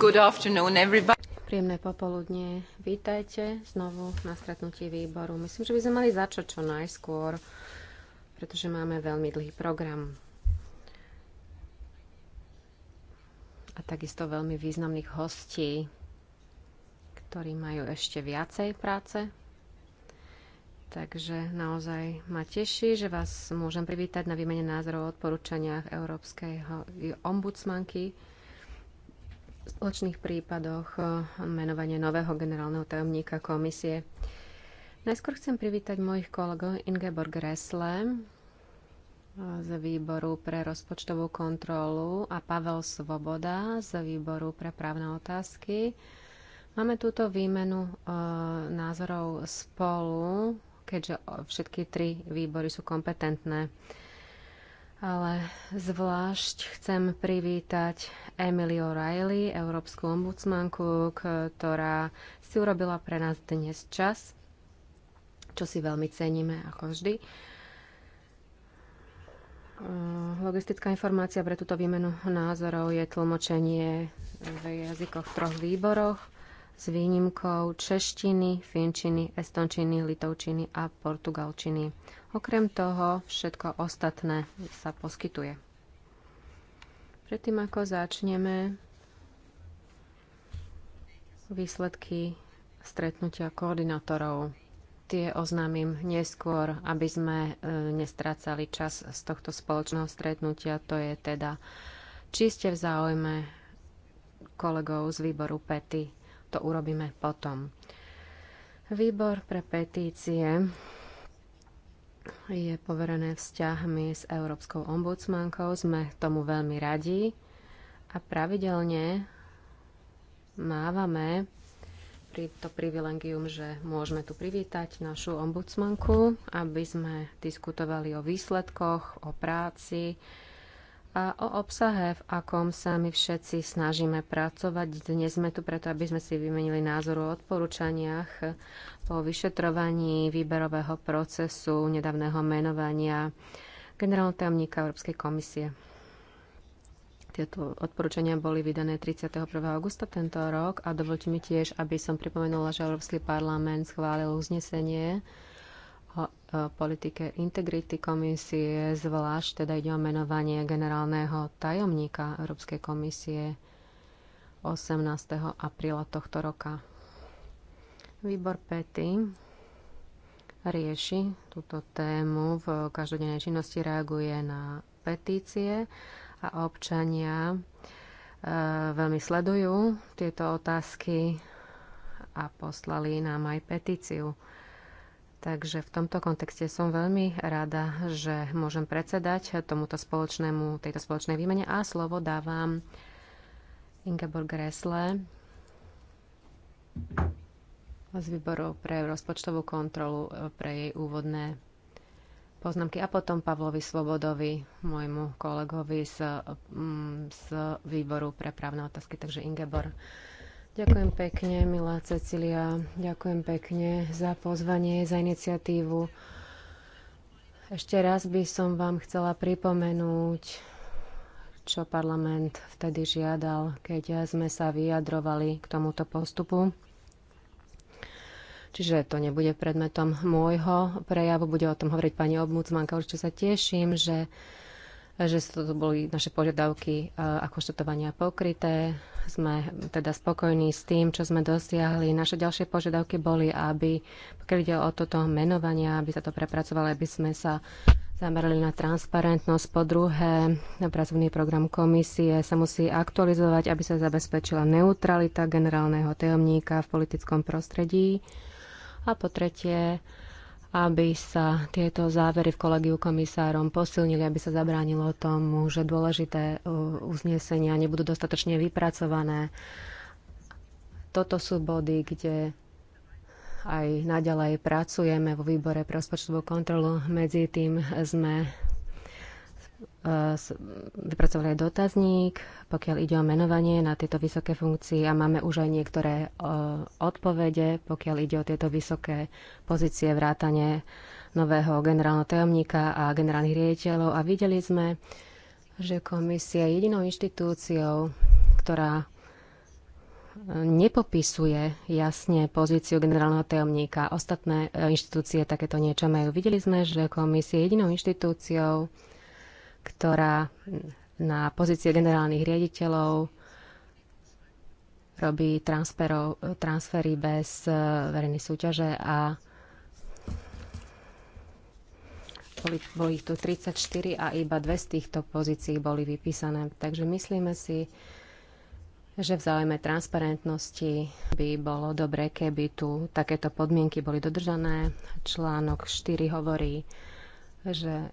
Good afternoon, everybody. Príjemné popoludne. Vítajte znovu na stretnutí výboru. Myslím, že by sme mali začať čo najskôr, pretože máme veľmi dlhý program. A takisto veľmi významných hostí, ktorí majú ešte viacej práce. Takže naozaj ma teší, že vás môžem privítať na výmene názorov o odporúčaniach Európskej ombudsmanky spoločných prípadoch eh, menovanie nového generálneho tajomníka komisie. Najskôr chcem privítať mojich kolegov Ingeborg Gresle, eh, z výboru pre rozpočtovú kontrolu a Pavel Svoboda z výboru pre právne otázky. Máme túto výmenu eh, názorov spolu, keďže všetky tri výbory sú kompetentné ale zvlášť chcem privítať Emily O'Reilly, európsku ombudsmanku, ktorá si urobila pre nás dnes čas, čo si veľmi ceníme ako vždy. Eh, logistická informácia pre túto výmenu názorov je tlmočenie v jazykoch v troch výboroch – s výnimkou češtiny, finčiny, estončiny, litovčiny a portugalčiny. Okrem toho všetko ostatné sa poskytuje. Predtým ako začneme výsledky stretnutia koordinátorov, tie oznámim neskôr, aby sme e, nestrácali čas z tohto spoločného stretnutia. To je teda, čiste v záujme kolegov z výboru PETY to urobíme potom. Výbor pre petície je poverené vzťahmi s Európskou ombudsmankou. Sme tomu veľmi radi a pravidelne mávame pri to privilegium, že môžeme tu privítať našu ombudsmanku, aby sme diskutovali o výsledkoch, o práci, a o obsahe, v akom sa my všetci snažíme pracovať. Dnes sme tu preto, aby sme si vymenili názor o odporúčaniach po vyšetrovaní výberového procesu nedávneho menovania generálneho tajomníka Európskej komisie. Tieto odporúčania boli vydané 31. augusta tento rok a dovolte mi tiež, aby som pripomenula, že Európsky parlament schválil uznesenie politike integrity komisie, zvlášť teda ide o menovanie generálneho tajomníka Európskej komisie 18. apríla tohto roka. Výbor PETI rieši túto tému v každodennej činnosti, reaguje na petície a občania e, veľmi sledujú tieto otázky a poslali nám aj petíciu. Takže v tomto kontexte som veľmi rada, že môžem predsedať tomuto spoločnému, tejto spoločnej výmene a slovo dávam Ingeborg Gressle z výboru pre rozpočtovú kontrolu e, pre jej úvodné poznámky a potom Pavlovi Svobodovi, môjmu kolegovi z, mm, z výboru pre právne otázky. Takže Ingeborg, Ďakujem pekne, milá Cecilia. Ďakujem pekne za pozvanie, za iniciatívu. Ešte raz by som vám chcela pripomenúť, čo parlament vtedy žiadal, keď sme sa vyjadrovali k tomuto postupu. Čiže to nebude predmetom môjho prejavu, bude o tom hovoriť pani obmucmanka. Určite sa teším, že že to boli naše požiadavky e, ako štatovania pokryté. Sme teda spokojní s tým, čo sme dosiahli. Naše ďalšie požiadavky boli, aby, pokiaľ ide o toto menovania, aby sa to prepracovalo, aby sme sa zamerali na transparentnosť. Po druhé, pracovný program komisie sa musí aktualizovať, aby sa zabezpečila neutralita generálneho tajomníka v politickom prostredí. A po tretie, aby sa tieto závery v kolegiu komisárom posilnili, aby sa zabránilo tomu, že dôležité uh, uznesenia nebudú dostatočne vypracované. Toto sú body, kde aj naďalej pracujeme vo výbore pre rozpočtovú kontrolu. Medzi tým sme vypracovali aj dotazník, pokiaľ ide o menovanie na tieto vysoké funkcie a máme už aj niektoré e, odpovede, pokiaľ ide o tieto vysoké pozície vrátane nového generálneho tajomníka a generálnych riaditeľov a videli sme, že komisia je jedinou inštitúciou, ktorá e, nepopisuje jasne pozíciu generálneho tajomníka. Ostatné e, inštitúcie takéto niečo majú. Videli sme, že komisia je jedinou inštitúciou, ktorá na pozície generálnych riaditeľov robí transfery bez e, verejnej súťaže a boli, boli ich tu 34 a iba dve z týchto pozícií boli vypísané. Takže myslíme si, že v záujme transparentnosti by bolo dobre, keby tu takéto podmienky boli dodržané. Článok 4 hovorí, že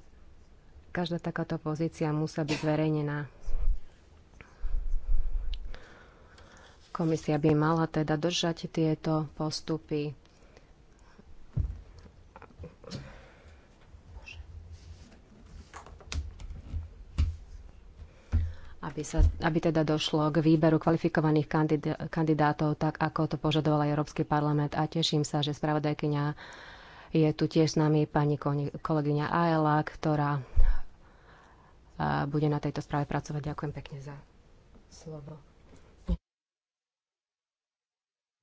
každá takáto pozícia musí byť zverejnená. Komisia by mala teda držať tieto postupy. Aby, sa, aby teda došlo k výberu kvalifikovaných kandidátov, tak ako to požadoval Európsky parlament. A teším sa, že spravodajkyňa je tu tiež s nami pani kolegyňa Aela, ktorá bude na tejto správe pracovať. Ďakujem pekne za slovo.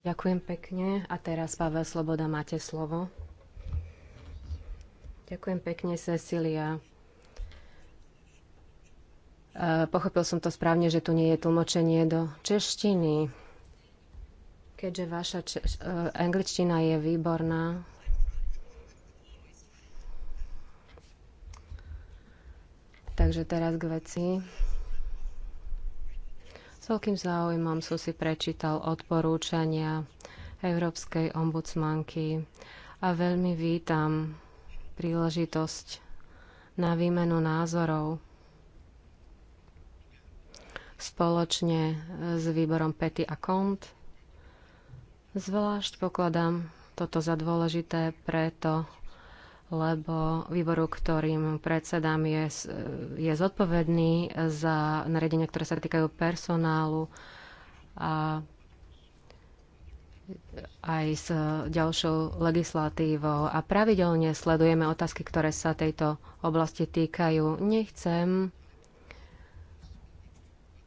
Ďakujem pekne. A teraz, Pavel Sloboda, máte slovo. Ďakujem pekne, Cecilia. E, pochopil som to správne, že tu nie je tlmočenie do češtiny. Keďže vaša e, angličtina je výborná, Takže teraz k veci. S veľkým záujmom som si prečítal odporúčania Európskej ombudsmanky a veľmi vítam príležitosť na výmenu názorov spoločne s výborom Petty a Kont. Zvlášť pokladám toto za dôležité, preto lebo výboru, ktorým predsedám, je, je zodpovedný za nariadenia, ktoré sa týkajú personálu a aj s ďalšou legislatívou a pravidelne sledujeme otázky, ktoré sa tejto oblasti týkajú. Nechcem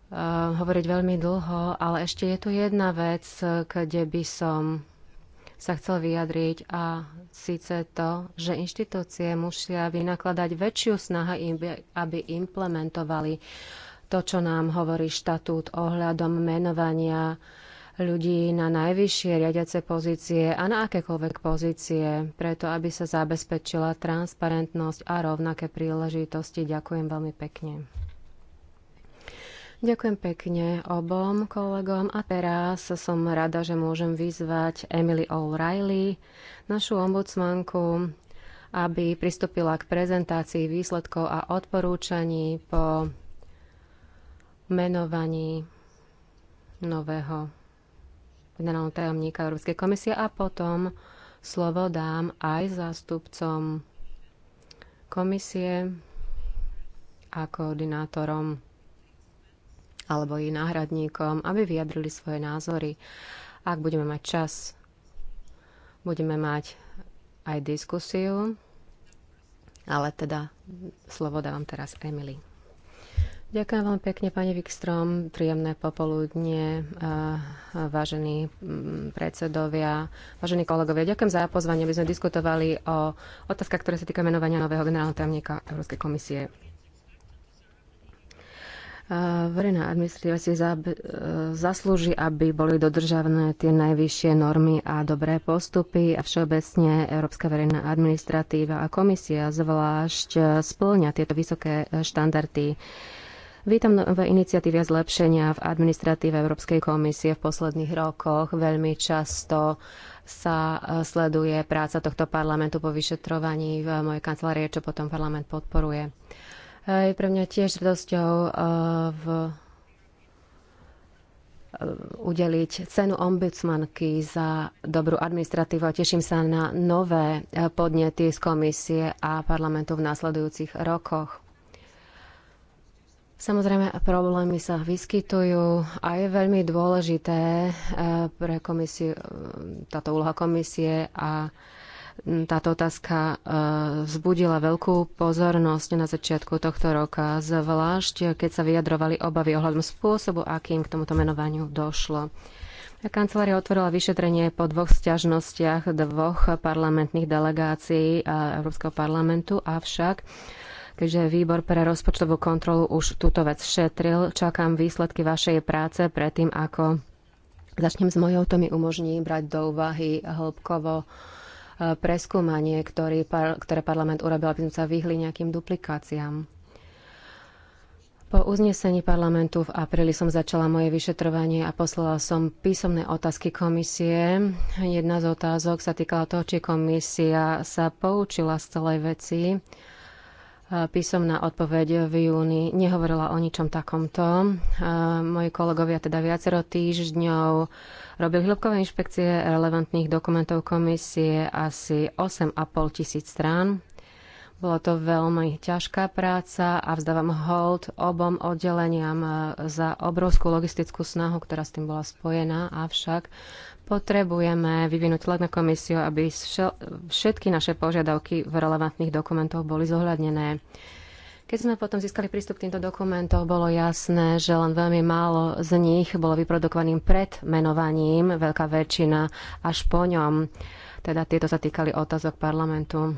eh, hovoriť veľmi dlho, ale ešte je tu jedna vec, eh, kde by som sa chcel vyjadriť a síce to, že inštitúcie musia vynakladať väčšiu snahu, aby implementovali to, čo nám hovorí štatút ohľadom menovania ľudí na najvyššie riadiace pozície a na akékoľvek pozície, preto aby sa zabezpečila transparentnosť a rovnaké príležitosti. Ďakujem veľmi pekne. Ďakujem pekne obom kolegom a teraz som rada, že môžem vyzvať Emily O'Reilly, našu ombudsmanku, aby pristúpila k prezentácii výsledkov a odporúčaní po menovaní nového generálneho tajomníka Európskej komisie a potom slovo dám aj zástupcom komisie a koordinátorom alebo jej náhradníkom, aby vyjadrili svoje názory. Ak budeme mať čas, budeme mať aj diskusiu, ale teda slovo dávam teraz Emily. Ďakujem veľmi pekne, pani Wikstrom. Príjemné popoludne, eh, vážení mm, predsedovia, vážení kolegovia. Ďakujem za pozvanie, aby sme diskutovali o otázkach, ktoré sa týka menovania nového generálneho tajomníka Európskej komisie verejná administratíva si zaslúži, aby boli dodržané tie najvyššie normy a dobré postupy a všeobecne Európska verejná administratíva a komisia zvlášť splňa tieto vysoké štandardy. Vítam nové iniciatívy a zlepšenia v administratíve Európskej komisie v posledných rokoch. Veľmi často sa sleduje práca tohto parlamentu po vyšetrovaní v mojej kancelárii, čo potom parlament podporuje je pre mňa tiež radosťou eh, v eh, udeliť cenu ombudsmanky za dobrú administratívu a teším sa na nové eh, podnety z komisie a parlamentu v následujúcich rokoch. Samozrejme, problémy sa vyskytujú a je veľmi dôležité pre komisiu, táto úloha komisie a táto otázka e, vzbudila veľkú pozornosť na začiatku tohto roka, zvlášť keď sa vyjadrovali obavy ohľadom spôsobu, akým k tomuto menovaniu došlo. Kancelária otvorila vyšetrenie po dvoch sťažnostiach dvoch parlamentných delegácií e, Európskeho parlamentu, avšak keďže výbor pre rozpočtovú kontrolu už túto vec šetril, čakám výsledky vašej práce predtým, ako začnem s mojou, to mi umožní brať do úvahy hĺbkovo preskúmanie, ktorý, ktoré parlament urobil, aby sme sa vyhli nejakým duplikáciám. Po uznesení parlamentu v apríli som začala moje vyšetrovanie a poslala som písomné otázky komisie. Jedna z otázok sa týkala toho, či komisia sa poučila z celej veci písomná odpoveď v júni nehovorila o ničom takomto. Moji kolegovia teda viacero týždňov robili hĺbkové inšpekcie relevantných dokumentov komisie asi 8,5 tisíc strán. Bola to veľmi ťažká práca a vzdávam hold obom oddeleniam za obrovskú logistickú snahu, ktorá s tým bola spojená, avšak Potrebujeme vyvinúť tlak na komisiu, aby všetky naše požiadavky v relevantných dokumentoch boli zohľadnené. Keď sme potom získali prístup k týmto dokumentom, bolo jasné, že len veľmi málo z nich bolo vyprodukovaným pred menovaním, veľká väčšina až po ňom. Teda tieto sa týkali otázok parlamentu.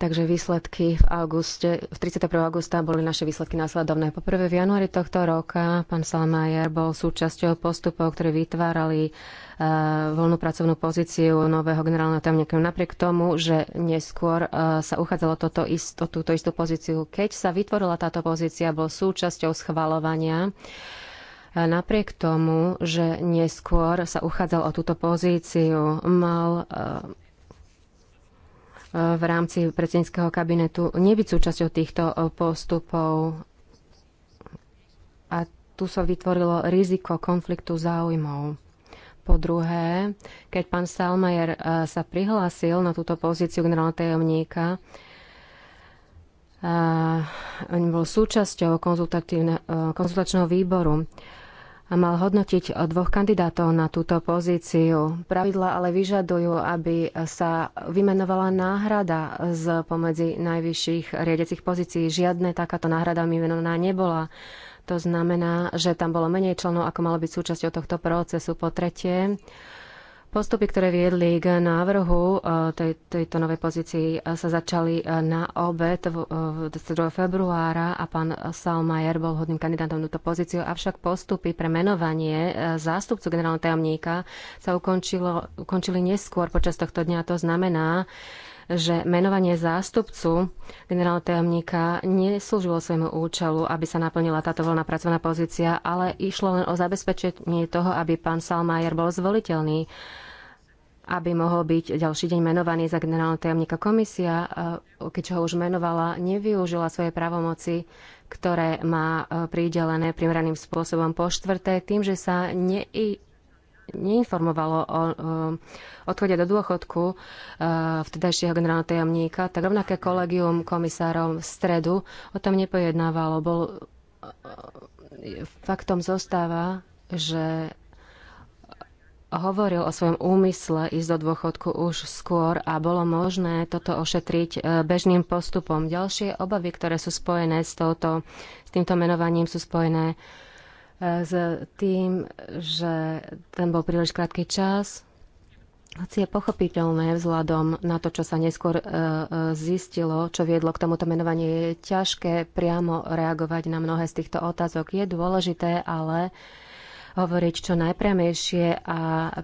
Takže výsledky v, auguste, v 31. augusta boli naše výsledky následovné. Poprvé v januári tohto roka pán Salmajer bol súčasťou postupov, ktoré vytvárali uh, voľnú pracovnú pozíciu nového generálneho tajomníka. Napriek tomu, že neskôr uh, sa uchádzalo toto isto, túto istú pozíciu, keď sa vytvorila táto pozícia, bol súčasťou schvalovania napriek tomu, že neskôr sa uchádzal o túto pozíciu, mal e, v rámci predsedníckého kabinetu nebyť súčasťou týchto eh, postupov. A tu sa so vytvorilo riziko konfliktu záujmov. Po druhé, keď pán Salmajer eh, sa prihlásil na túto pozíciu generálneho tajomníka, eh, on bol súčasťou konzultačného výboru mal hodnotiť dvoch kandidátov na túto pozíciu. Pravidla ale vyžadujú, aby sa vymenovala náhrada z pomedzi najvyšších riadecich pozícií. Žiadne takáto náhrada vymenovaná nebola. To znamená, že tam bolo menej členov, ako malo byť súčasťou tohto procesu. Po tretie, Postupy, ktoré viedli k návrhu e, tej, tejto novej pozícii, e, sa začali e, na obed 22. februára a pán Salmajer bol hodným kandidátom na túto pozíciu, avšak postupy pre menovanie zástupcu generálneho tajomníka sa ukončilo, ukončili neskôr počas tohto dňa. To znamená, že menovanie zástupcu generálneho tajomníka neslúžilo svojmu účelu, aby sa naplnila táto voľná pracovná pozícia, ale išlo len o zabezpečenie toho, aby pán Salmajer bol zvoliteľný aby mohol byť ďalší deň menovaný za generálneho tajomníka komisia, eh, keď ho už menovala, nevyužila svoje právomoci, ktoré má eh, pridelené primeraným spôsobom po štvrté, tým, že sa ne neinformovalo o odchode do dôchodku e, vtedajšieho generálneho tajomníka, tak rovnaké kolegium komisárov v stredu o tom nepojednávalo. Bol, e, faktom zostáva, že hovoril o svojom úmysle ísť do dôchodku už skôr a bolo možné toto ošetriť e, bežným postupom. Ďalšie obavy, ktoré sú spojené s, touto, s týmto menovaním, sú spojené uh, s tým, že ten bol príliš krátky čas. Hoci je pochopiteľné vzhľadom na to, čo sa neskôr e, e, zistilo, čo viedlo k tomuto menovaniu, je ťažké priamo reagovať na mnohé z týchto otázok. Je dôležité ale hovoriť čo najpriamejšie a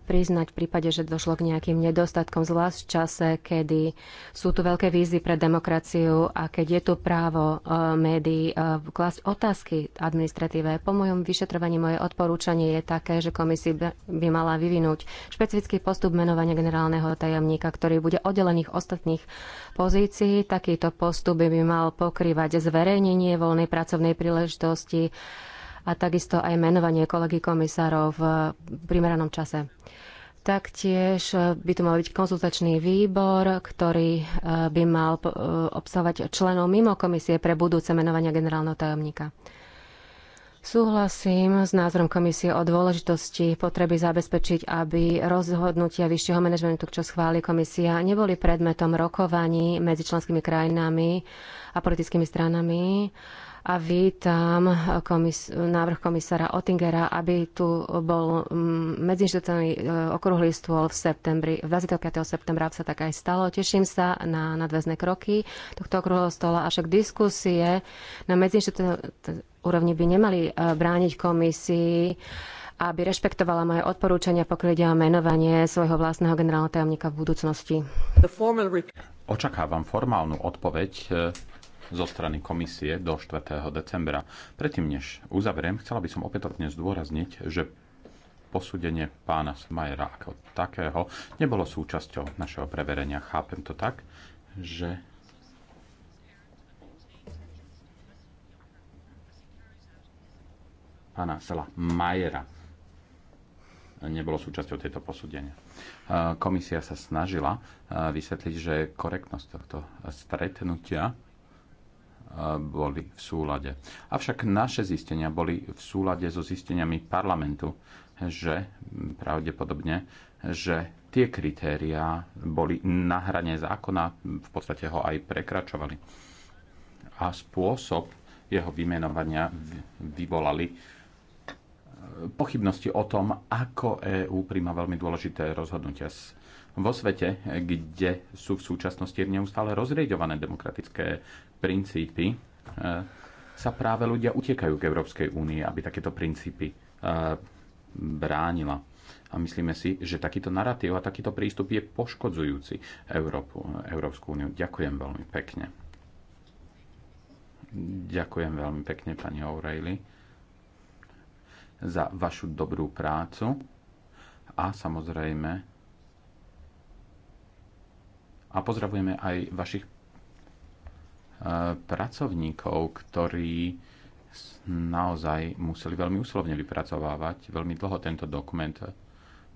priznať v prípade, že došlo k nejakým nedostatkom, zvlášť v čase, kedy sú tu veľké výzvy pre demokraciu a keď je tu právo e, médií e, klásť otázky administratíve. Po mojom vyšetrovaní moje odporúčanie je také, že komisii by mala vyvinúť špecifický postup menovania generálneho tajomníka, ktorý bude oddelených ostatných pozícií. Takýto postup by mal pokrývať zverejnenie voľnej pracovnej príležitosti, a takisto aj menovanie kolegy komisárov v primeranom čase. Taktiež eh, by tu mal byť konzultačný výbor, ktorý eh, by mal eh, obsahovať členov mimo komisie pre budúce menovania generálneho tajomníka. Súhlasím s názorom komisie o dôležitosti potreby zabezpečiť, aby rozhodnutia vyššieho manažmentu, čo schváli komisia, neboli predmetom rokovaní medzi členskými krajinami a politickými stranami, a vítam komis- návrh komisára Ottingera, aby tu bol mm, medzinštitutelný e, okrúhly stôl v septembri. 25. septembra sa tak aj stalo. Teším sa na nadväzné kroky tohto okrúhleho stola, avšak diskusie na medziinstitucionálnej úrovni by nemali e, brániť komisii aby rešpektovala moje odporúčania, pokiaľ ide o menovanie svojho vlastného generálneho tajomníka v budúcnosti. Očakávam formálnu odpoveď e, zo strany komisie do 4. decembra. Predtým, než uzavriem, chcela by som opätovne zdôrazniť, že posúdenie pána Smajera ako takého nebolo súčasťou našeho preverenia. Chápem to tak, že pána Sela Majera nebolo súčasťou tejto posúdenia. Komisia sa snažila eh, vysvetliť, že korektnosť tohto stretnutia boli v súlade. Avšak naše zistenia boli v súlade so zisteniami parlamentu, že pravdepodobne, že tie kritériá boli na hrane zákona, v podstate ho aj prekračovali. A spôsob jeho vymenovania vyvolali e, pochybnosti o tom, ako EÚ príjma veľmi dôležité rozhodnutia vo svete, kde sú v súčasnosti neustále rozrieďované demokratické princípy, e, sa práve ľudia utekajú k Európskej únii, aby takéto princípy e, bránila. A myslíme si, že takýto narratív a takýto prístup je poškodzujúci Európu, Európsku úniu. Ďakujem veľmi pekne. Ďakujem veľmi pekne, pani O'Reilly, za vašu dobrú prácu a samozrejme a pozdravujeme aj vašich pracovníkov, ktorí naozaj museli veľmi úslovne vypracovávať veľmi dlho tento dokument. E,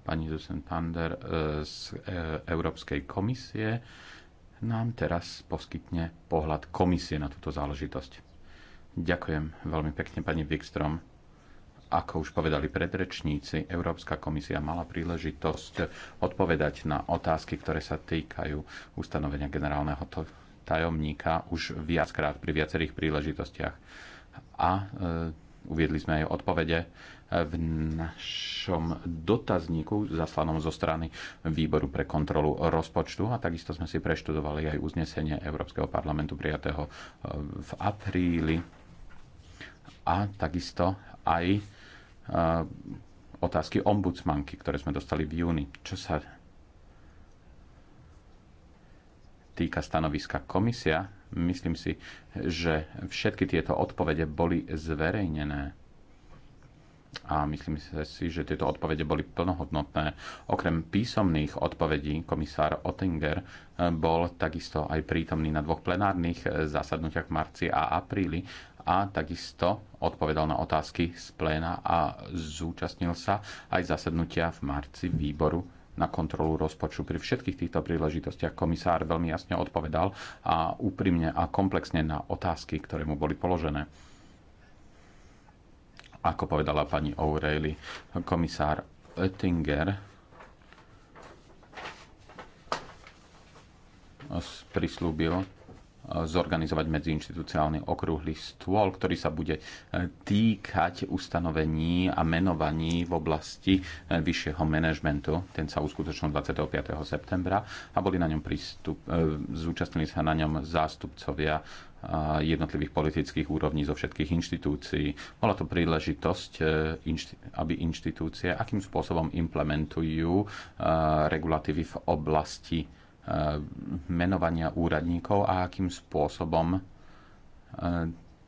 pani Susan Pander e, z e, Európskej komisie nám teraz poskytne pohľad komisie na túto záležitosť. Ďakujem veľmi pekne, pani Wikstrom. Ako už povedali predrečníci, Európska komisia mala príležitosť odpovedať na otázky, ktoré sa týkajú ustanovenia generálneho tajomníka už viackrát pri viacerých príležitostiach. A e, uviedli sme aj odpovede e, v našom dotazníku zaslanom zo strany Výboru pre kontrolu rozpočtu a takisto sme si preštudovali aj uznesenie Európskeho parlamentu prijatého e, v apríli a takisto aj e, otázky ombudsmanky, ktoré sme dostali v júni. Čo sa týka stanoviska komisia, myslím si, že všetky tieto odpovede boli zverejnené. A myslím si, že tieto odpovede boli plnohodnotné. Okrem písomných odpovedí komisár Ottinger bol takisto aj prítomný na dvoch plenárnych zasadnutiach v marci a apríli a takisto odpovedal na otázky z pléna a zúčastnil sa aj zasadnutia v marci výboru na kontrolu rozpočtu. Pri všetkých týchto príležitostiach komisár veľmi jasne odpovedal a úprimne a komplexne na otázky, ktoré mu boli položené. Ako povedala pani O'Reilly, komisár Oettinger prislúbil, zorganizovať medziinstitucionálny okrúhly stôl, ktorý sa bude e, týkať ustanovení a menovaní v oblasti e, vyššieho manažmentu. Ten sa uskutočnil 25. septembra a boli na ňom prístup, e, zúčastnili sa na ňom zástupcovia jednotlivých politických úrovní zo všetkých inštitúcií. Bola to príležitosť, aby inštitúcie akým spôsobom implementujú regulatívy v oblasti menovania úradníkov a akým spôsobom e,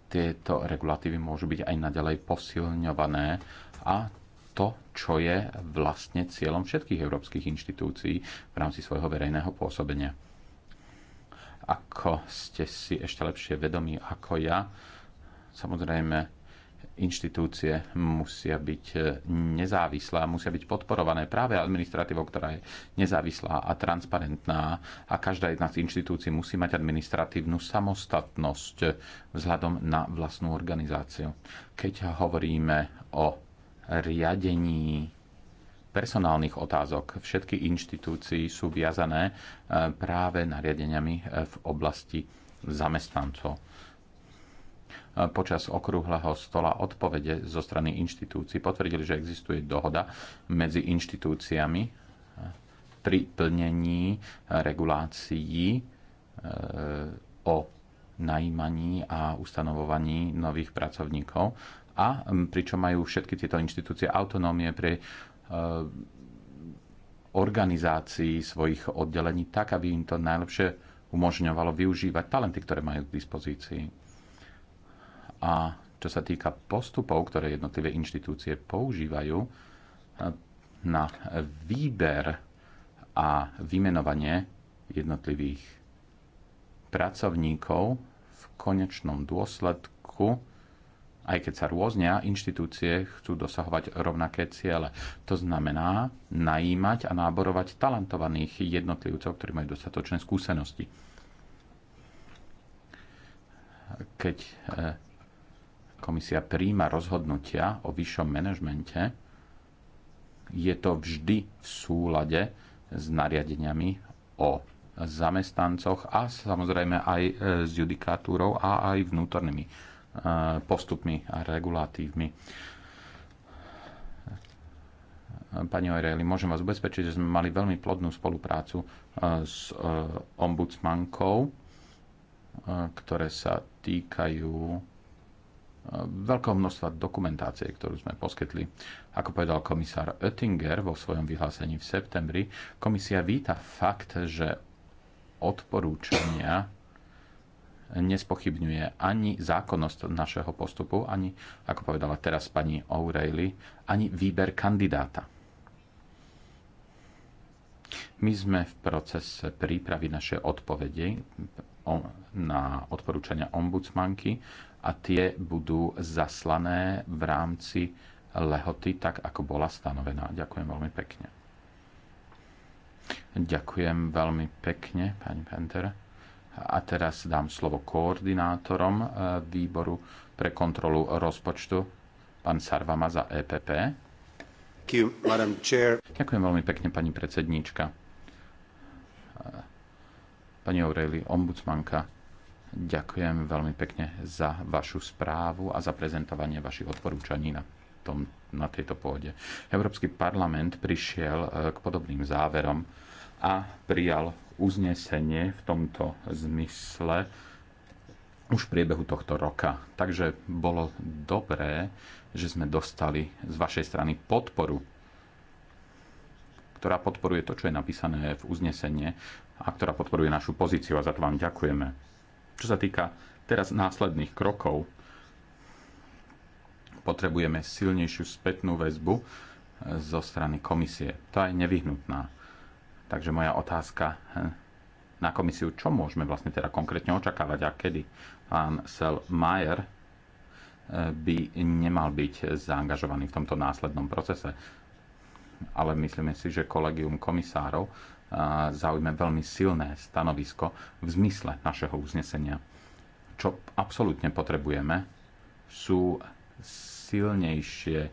tieto regulatívy môžu byť aj naďalej posilňované a to, čo je vlastne cieľom všetkých európskych inštitúcií v rámci svojho verejného pôsobenia. Ako ste si ešte lepšie vedomí ako ja, samozrejme inštitúcie musia byť e, nezávislé a musia byť podporované práve administratívou, ktorá je nezávislá a transparentná a každá jedna z inštitúcií musí mať administratívnu samostatnosť e, vzhľadom na vlastnú organizáciu. Keď hovoríme o riadení personálnych otázok všetky inštitúcii sú viazané e, práve nariadeniami v oblasti zamestnancov počas okrúhleho stola odpovede zo strany inštitúcií potvrdili, že existuje dohoda medzi inštitúciami pri plnení regulácií e, o najímaní a ustanovovaní nových pracovníkov a pričom majú všetky tieto inštitúcie autonómie pri e, organizácii svojich oddelení tak, aby im to najlepšie umožňovalo využívať talenty, ktoré majú k dispozícii. A čo sa týka postupov, ktoré jednotlivé inštitúcie používajú eh, na výber a vymenovanie jednotlivých pracovníkov v konečnom dôsledku, aj keď sa rôznia, inštitúcie chcú dosahovať rovnaké ciele. To znamená najímať a náborovať talentovaných jednotlivcov, ktorí majú dostatočné skúsenosti. Keď eh, komisia príjma rozhodnutia o vyššom manažmente, je to vždy v súlade s nariadeniami o zamestnancoch a samozrejme aj e, s judikatúrou a aj vnútornými e, postupmi a regulatívmi. Pani O'Reilly, môžem vás ubezpečiť, že sme mali veľmi plodnú spoluprácu e, s ombudsmankou, ktoré sa týkajú veľkého množstva dokumentácie, ktorú sme poskytli. Ako povedal komisár Oettinger vo svojom vyhlásení v septembri, komisia víta fakt, že odporúčania nespochybňuje ani zákonnosť našeho postupu, ani, ako povedala teraz pani O'Reilly, ani výber kandidáta. My sme v procese prípravy našej odpovede na odporúčania ombudsmanky a tie budú zaslané v rámci lehoty, tak ako bola stanovená. Ďakujem veľmi pekne. Ďakujem veľmi pekne, pani Penter. A teraz dám slovo koordinátorom eh, výboru pre kontrolu rozpočtu, pán Sarvama za EPP. Ďakujem veľmi pekne, pani predsedníčka. Eh, pani Aureli, ombudsmanka, Ďakujem veľmi pekne za vašu správu a za prezentovanie vašich odporúčaní na, tom, na tejto pôde. Európsky parlament prišiel e, k podobným záverom a prijal uznesenie v tomto zmysle už v priebehu tohto roka. Takže bolo dobré, že sme dostali z vašej strany podporu ktorá podporuje to, čo je napísané v uznesenie a ktorá podporuje našu pozíciu a za to vám ďakujeme. Čo sa týka teraz následných krokov, potrebujeme silnejšiu spätnú väzbu eh, zo strany komisie. To je nevyhnutná. Takže moja otázka eh, na komisiu, čo môžeme vlastne teda konkrétne očakávať a kedy pán Sel Mayer eh, by nemal byť zaangažovaný v tomto následnom procese. Ale myslíme si, že kolegium komisárov zaujme veľmi silné stanovisko v zmysle našeho uznesenia. Čo absolútne potrebujeme, sú silnejšie e,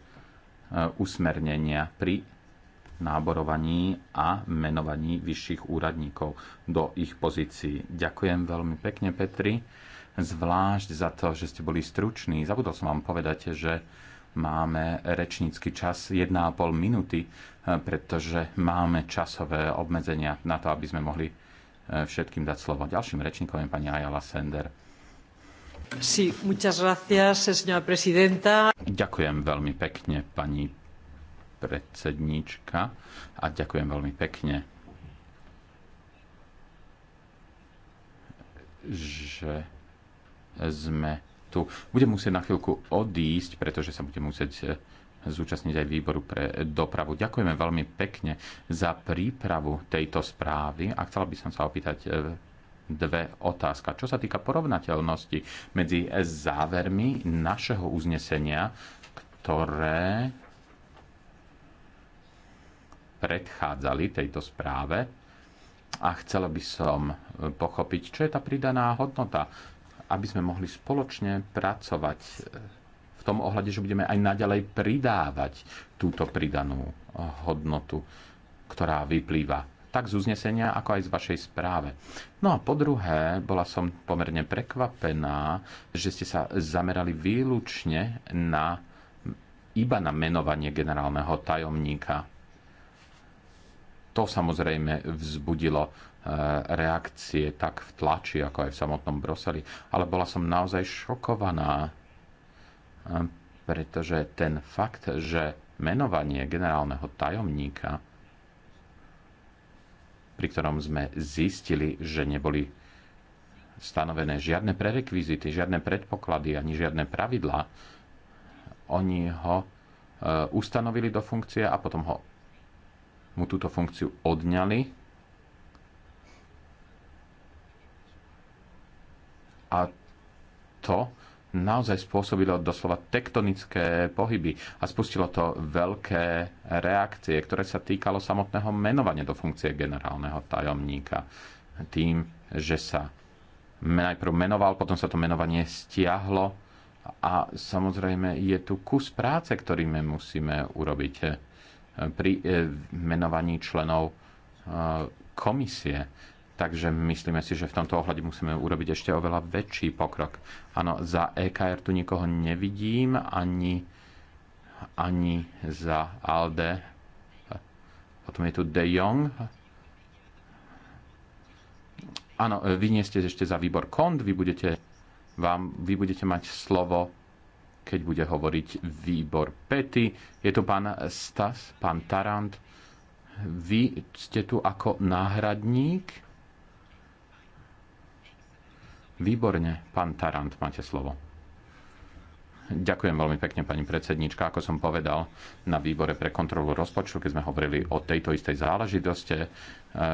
usmernenia pri náborovaní a menovaní vyšších úradníkov do ich pozícií. Ďakujem veľmi pekne, Petri, zvlášť za to, že ste boli struční. Zabudol som vám povedať, že máme rečnícky čas 1,5 minúty, eh, pretože máme časové obmedzenia na to, aby sme mohli eh, všetkým dať slovo. Ďalším rečníkom je pani Ayala Sender. Sí, muchas gracias, señora presidenta. Ďakujem veľmi pekne, pani predsedníčka a ďakujem veľmi pekne, že sme tu. Budem musieť na chvíľku odísť, pretože sa budem musieť e, zúčastniť aj výboru pre dopravu. Ďakujeme veľmi pekne za prípravu tejto správy a chcela by som sa opýtať e, dve otázka. Čo sa týka porovnateľnosti medzi závermi našeho uznesenia, ktoré predchádzali tejto správe a chcela by som e, pochopiť, čo je tá pridaná hodnota aby sme mohli spoločne pracovať eh, v tom ohľade, že budeme aj naďalej pridávať túto pridanú eh, hodnotu, ktorá vyplýva tak z uznesenia, ako aj z vašej správe. No a po druhé, bola som pomerne prekvapená, že ste sa zamerali výlučne na iba na menovanie generálneho tajomníka. To samozrejme vzbudilo E, reakcie tak v tlači, ako aj v samotnom Bruseli. Ale bola som naozaj šokovaná, e, pretože ten fakt, že menovanie generálneho tajomníka, pri ktorom sme zistili, že neboli stanovené žiadne prerekvizity, žiadne predpoklady ani žiadne pravidlá, oni ho e, ustanovili do funkcie a potom ho, mu túto funkciu odňali A to naozaj spôsobilo doslova tektonické pohyby a spustilo to veľké reakcie, ktoré sa týkalo samotného menovania do funkcie generálneho tajomníka. Tým, že sa najprv menoval, potom sa to menovanie stiahlo a samozrejme je tu kus práce, ktorý my musíme urobiť eh, pri eh, menovaní členov eh, komisie Takže myslíme si, že v tomto ohľade musíme urobiť ešte oveľa väčší pokrok. Áno, za EKR tu nikoho nevidím, ani, ani za ALDE. Potom je tu De Jong. Áno, vy nie ste ešte za výbor KOND, vy budete, vám, vy budete mať slovo, keď bude hovoriť výbor PETY. Je tu pán Stas, pán Tarant. Vy ste tu ako náhradník Výborne, pán Tarant, máte slovo. Ďakujem veľmi pekne, pani predsednička. Ako som povedal na výbore pre kontrolu rozpočtu, keď sme hovorili o tejto istej záležitosti, eh,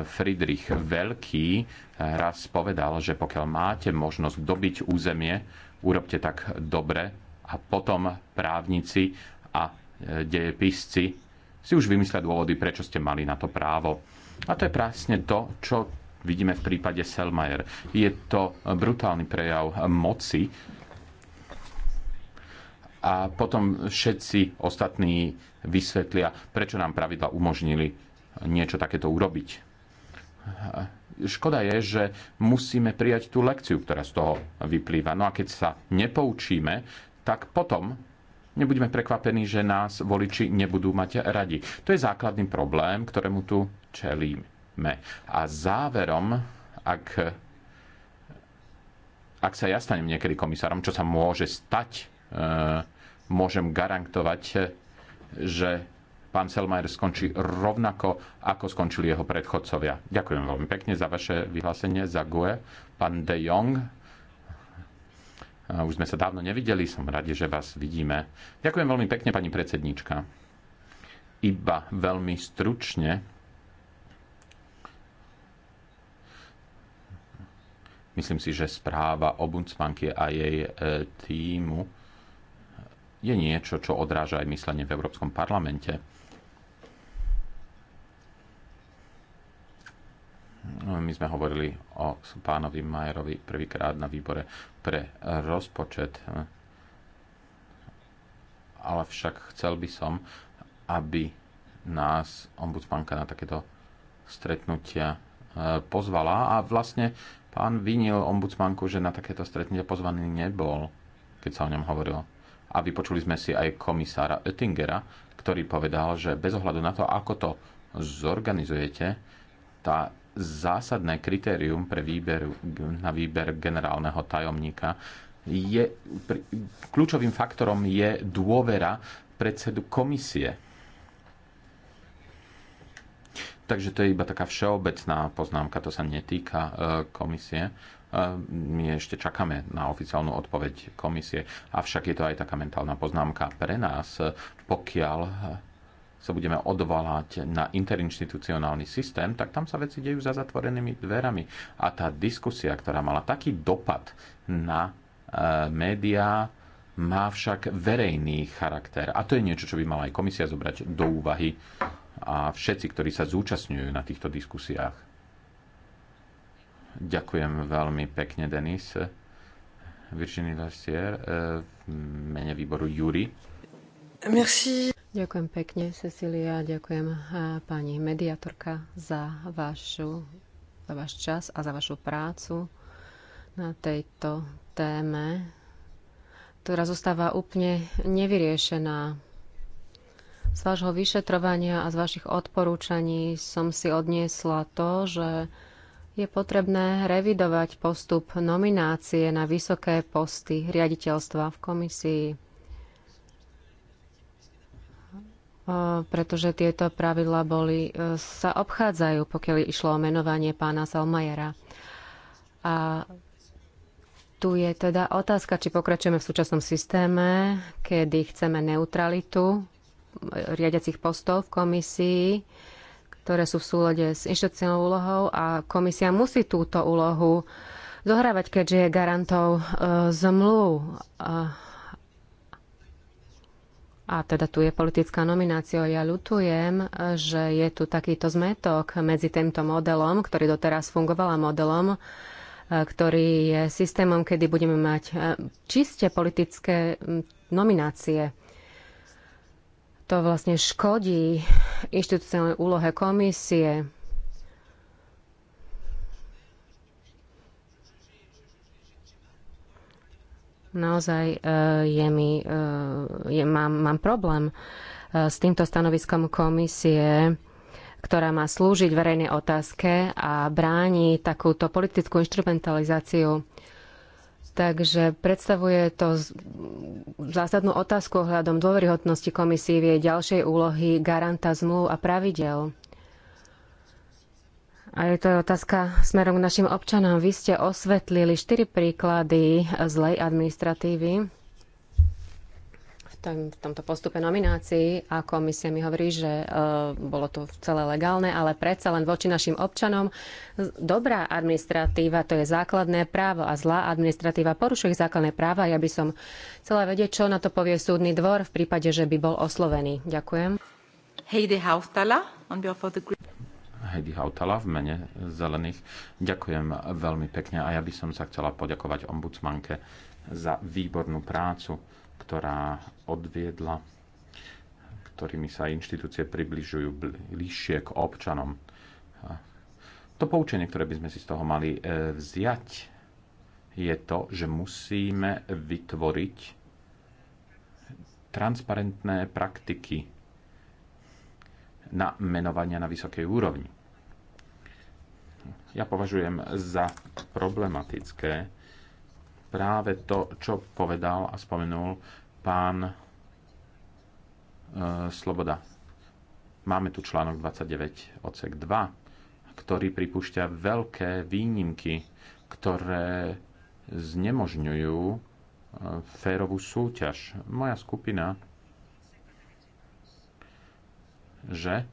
Friedrich Veľký eh, raz povedal, že pokiaľ máte možnosť dobiť územie, urobte tak dobre a potom právnici a eh, dejepisci si už vymyslia dôvody, prečo ste mali na to právo. A to je presne to, čo vidíme v prípade Selmayr. Je to brutálny prejav moci a potom všetci ostatní vysvetlia, prečo nám pravidla umožnili niečo takéto urobiť. Škoda je, že musíme prijať tú lekciu, ktorá z toho vyplýva. No a keď sa nepoučíme, tak potom nebudeme prekvapení, že nás voliči nebudú mať radi. To je základný problém, ktorému tu čelíme. A záverom, ak, ak sa ja stanem niekedy komisárom, čo sa môže stať, e, môžem garantovať, e, že pán Selmayr skončí rovnako, ako skončili jeho predchodcovia. Ďakujem veľmi pekne za vaše vyhlásenie, za GUE. Pán De Jong, e, už sme sa dávno nevideli, som radi, že vás vidíme. Ďakujem veľmi pekne, pani predsednička. Iba veľmi stručne Myslím si, že správa ombudsmanky a jej e, týmu je niečo, čo odráža aj myslenie v Európskom parlamente. No, my sme hovorili o pánovi Majerovi prvýkrát na výbore pre rozpočet, ale však chcel by som, aby nás ombudsmanka na takéto stretnutia e, pozvala a vlastne Pán vinil ombudsmanku, že na takéto stretnutie pozvaný nebol, keď sa o ňom hovorilo. A vypočuli sme si aj komisára Oettingera, ktorý povedal, že bez ohľadu na to, ako to zorganizujete, tá zásadné kritérium pre výber, na výber generálneho tajomníka je, kľúčovým faktorom je dôvera predsedu komisie. Takže to je iba taká všeobecná poznámka, to sa netýka e, komisie. E, my ešte čakáme na oficiálnu odpoveď komisie, avšak je to aj taká mentálna poznámka pre nás, e, pokiaľ sa budeme odvalať na interinstitucionálny systém, tak tam sa veci dejú za zatvorenými dverami. A tá diskusia, ktorá mala taký dopad na e, médiá, má však verejný charakter. A to je niečo, čo by mala aj komisia zobrať do úvahy a všetci, ktorí sa zúčastňujú na týchto diskusiách. Ďakujem veľmi pekne, Denis. Virginie Versier, eh, v mene výboru Júri. Merci. Ďakujem pekne, Cecilia, Ďakujem eh, pani mediatorka za, vašu, za váš čas a za vašu prácu na tejto téme, ktorá zostáva úplne nevyriešená. Z vášho vyšetrovania a z vašich odporúčaní som si odniesla to, že je potrebné revidovať postup nominácie na vysoké posty riaditeľstva v komisii, pretože tieto pravidla boli, e, sa obchádzajú, pokiaľ išlo o menovanie pána Salmajera. A tu je teda otázka, či pokračujeme v súčasnom systéme, kedy chceme neutralitu riadiacich postov v komisii, ktoré sú v súlade s inštitucionálnou úlohou a komisia musí túto úlohu zohrávať, keďže je garantov e, zmluv. A, a teda tu je politická nominácia. Ja ľutujem, že je tu takýto zmetok medzi týmto modelom, ktorý doteraz fungoval a modelom, e, ktorý je systémom, kedy budeme mať e, čiste politické nominácie to vlastne škodí inštitucionálnej úlohe komisie. Naozaj e, je mi, e, je, mám, mám problém e, s týmto stanoviskom komisie, ktorá má slúžiť verejnej otázke a bráni takúto politickú instrumentalizáciu Takže predstavuje to zásadnú otázku ohľadom dôveryhodnosti komisie v jej ďalšej úlohy garanta zmluv a pravidel. A je to otázka smerom k našim občanom. Vy ste osvetlili štyri príklady zlej administratívy tom, v tomto postupe nominácií a komisia mi hovorí, že e, bolo to celé legálne, ale predsa len voči našim občanom. Dobrá administratíva to je základné právo a zlá administratíva porušuje ich základné práva. Ja by som chcela vedieť, čo na to povie súdny dvor v prípade, že by bol oslovený. Ďakujem. Heidi Hautala, on behalf of the group. Heidi Hautala v mene Zelených. Ďakujem veľmi pekne a ja by som sa chcela poďakovať ombudsmanke za výbornú prácu ktorá odviedla, ktorými sa inštitúcie približujú bližšie k občanom. To poučenie, ktoré by sme si z toho mali e, vziať, je to, že musíme vytvoriť transparentné praktiky na menovania na vysokej úrovni. Ja považujem za problematické, práve to, čo povedal a spomenul pán e, Sloboda. Máme tu článok 29 odsek 2, ktorý pripúšťa veľké výnimky, ktoré znemožňujú e, férovú súťaž. Moja skupina, že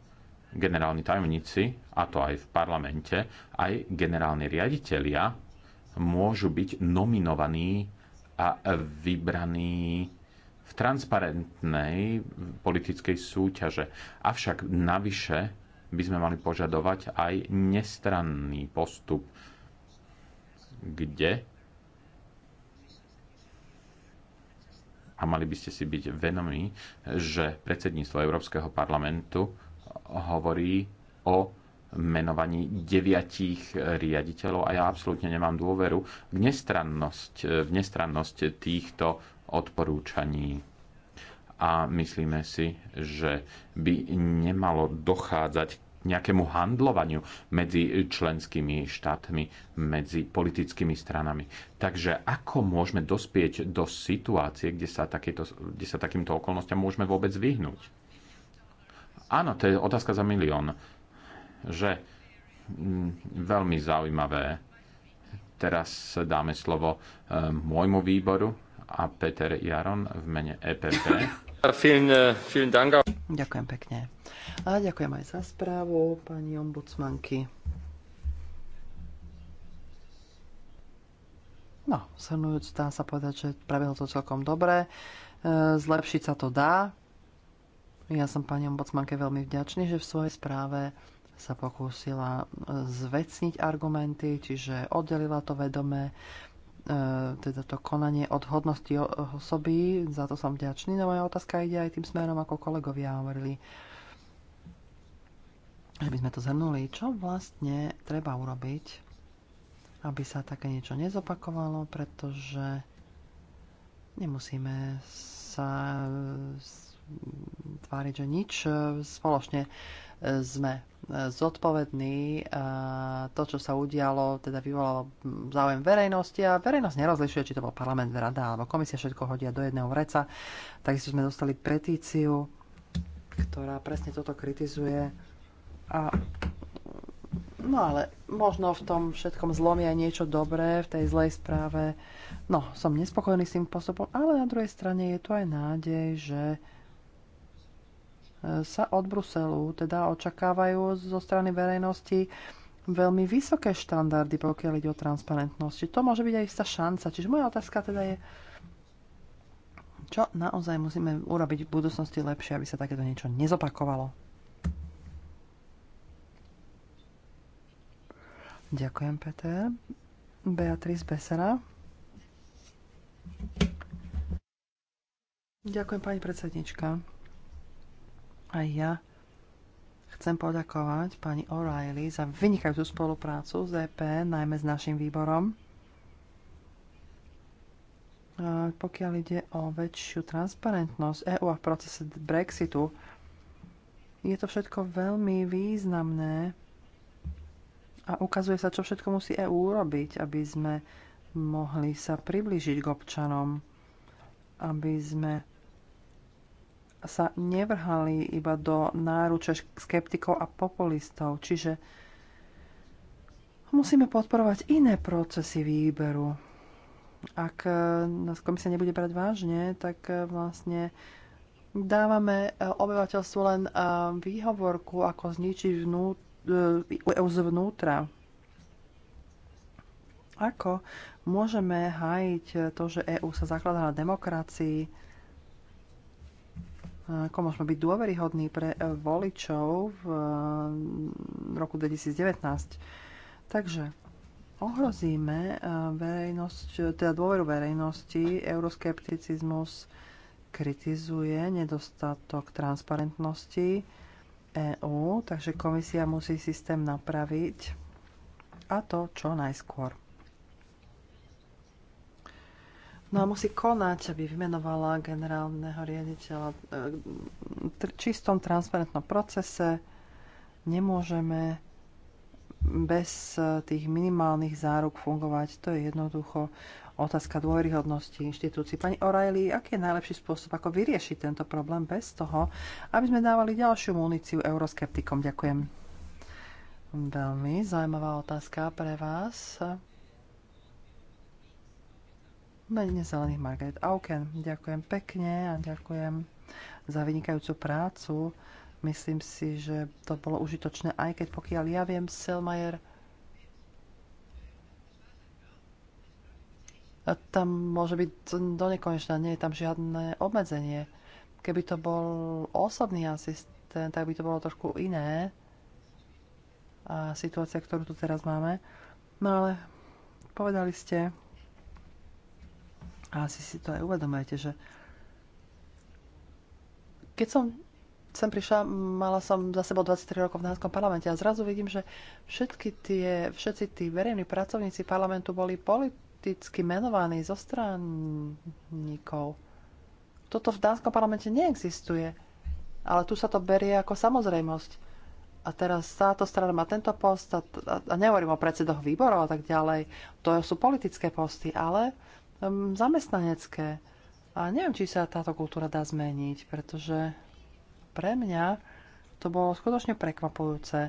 generálni tajomníci, a to aj v parlamente, aj generálni riaditeľia môžu byť nominovaní a vybraní v transparentnej politickej súťaže. Avšak navyše by sme mali požadovať aj nestranný postup, kde a mali by ste si byť vedomí, že predsedníctvo Európskeho parlamentu hovorí o menovaní deviatich riaditeľov a ja absolútne nemám dôveru v nestrannosť, v nestrannosť týchto odporúčaní. A myslíme si, že by nemalo dochádzať k nejakému handlovaniu medzi členskými štátmi, medzi politickými stranami. Takže ako môžeme dospieť do situácie, kde sa, takéto, kde sa takýmto okolnostiam môžeme vôbec vyhnúť? Áno, to je otázka za milión že mm, veľmi zaujímavé. Teraz dáme slovo e, môjmu výboru a Peter Jaron v mene EPP. E, ďakujem pekne. A ďakujem aj za správu pani ombudsmanky. No, shrnujúc, dá sa povedať, že prebehlo to celkom dobre. E, zlepšiť sa to dá. Ja som pani ombudsmanke veľmi vďačný, že v svojej správe sa pokúsila e, zvecniť argumenty, čiže oddelila to vedomé e, teda to konanie od hodnosti osoby, za to som vďačný, no moja otázka ide aj tým smerom, ako kolegovia hovorili, že by sme to zhrnuli. Čo vlastne treba urobiť, aby sa také niečo nezopakovalo, pretože nemusíme sa tváriť, že nič. Spoločne e, sme e, zodpovední. E, to, čo sa udialo, teda vyvolalo záujem verejnosti a verejnosť nerozlišuje, či to bol parlament, rada alebo komisia, všetko hodia do jedného vreca. Takisto sme dostali petíciu, ktorá presne toto kritizuje. A No ale možno v tom všetkom zlomie aj niečo dobré v tej zlej správe. No, som nespokojný s tým postupom, ale na druhej strane je tu aj nádej, že sa od Bruselu, teda očakávajú zo strany verejnosti veľmi vysoké štandardy, pokiaľ ide o transparentnosť. Čiže to môže byť aj istá šanca. Čiže moja otázka teda je, čo naozaj musíme urobiť v budúcnosti lepšie, aby sa takéto niečo nezopakovalo. Ďakujem, Peter. Beatrice Besera. Ďakujem, pani predsednička. Aj ja chcem poďakovať pani O'Reilly za vynikajúcu spoluprácu s EP, najmä s našim výborom. A pokiaľ ide o väčšiu transparentnosť EU a v procese Brexitu, je to všetko veľmi významné a ukazuje sa, čo všetko musí EU urobiť, aby sme mohli sa priblížiť k občanom, aby sme sa nevrhali iba do náruče skeptikov a populistov, čiže musíme podporovať iné procesy výberu. Ak e, nás komisia nebude brať vážne, tak e, vlastne dávame e, obyvateľstvu len výhovorku, ako zničiť vnú, zvnútra. Ako môžeme hájiť to, že EÚ sa zakladá na demokracii, ako môžeme byť dôveryhodní pre e, voličov v e, roku 2019. Takže ohrozíme e, verejnosť, teda dôveru verejnosti, euroskepticizmus kritizuje nedostatok transparentnosti EÚ, takže komisia musí systém napraviť a to čo najskôr. No a musí konať, aby vymenovala generálneho riaditeľa v e, čistom, transparentnom procese. Nemôžeme bez e, tých minimálnych záruk fungovať. To je jednoducho otázka dôveryhodnosti inštitúcií. Pani O'Reilly, aký je najlepší spôsob, ako vyriešiť tento problém bez toho, aby sme dávali ďalšiu muníciu euroskeptikom? Ďakujem. Veľmi zaujímavá otázka pre vás. Mene zelených Margaret Auken. Ďakujem pekne a ďakujem za vynikajúcu prácu. Myslím si, že to bolo užitočné, aj keď pokiaľ ja viem, Selmayer tam môže byť do nekonečna, nie je tam žiadne obmedzenie. Keby to bol osobný asistent, tak by to bolo trošku iné. A situácia, ktorú tu teraz máme. No ale povedali ste, a asi si to aj uvedomujete, že keď som sem prišla, mala som za sebou 23 rokov v Nánskom parlamente a zrazu vidím, že všetky tie, všetci tí verejní pracovníci parlamentu boli politicky menovaní zo stránnikov. Toto v Dánskom parlamente neexistuje, ale tu sa to berie ako samozrejmosť. A teraz táto strana má tento post a, a, a nehovorím o predsedoch výborov a tak ďalej. To sú politické posty, ale zamestnanecké. A neviem, či sa táto kultúra dá zmeniť, pretože pre mňa to bolo skutočne prekvapujúce.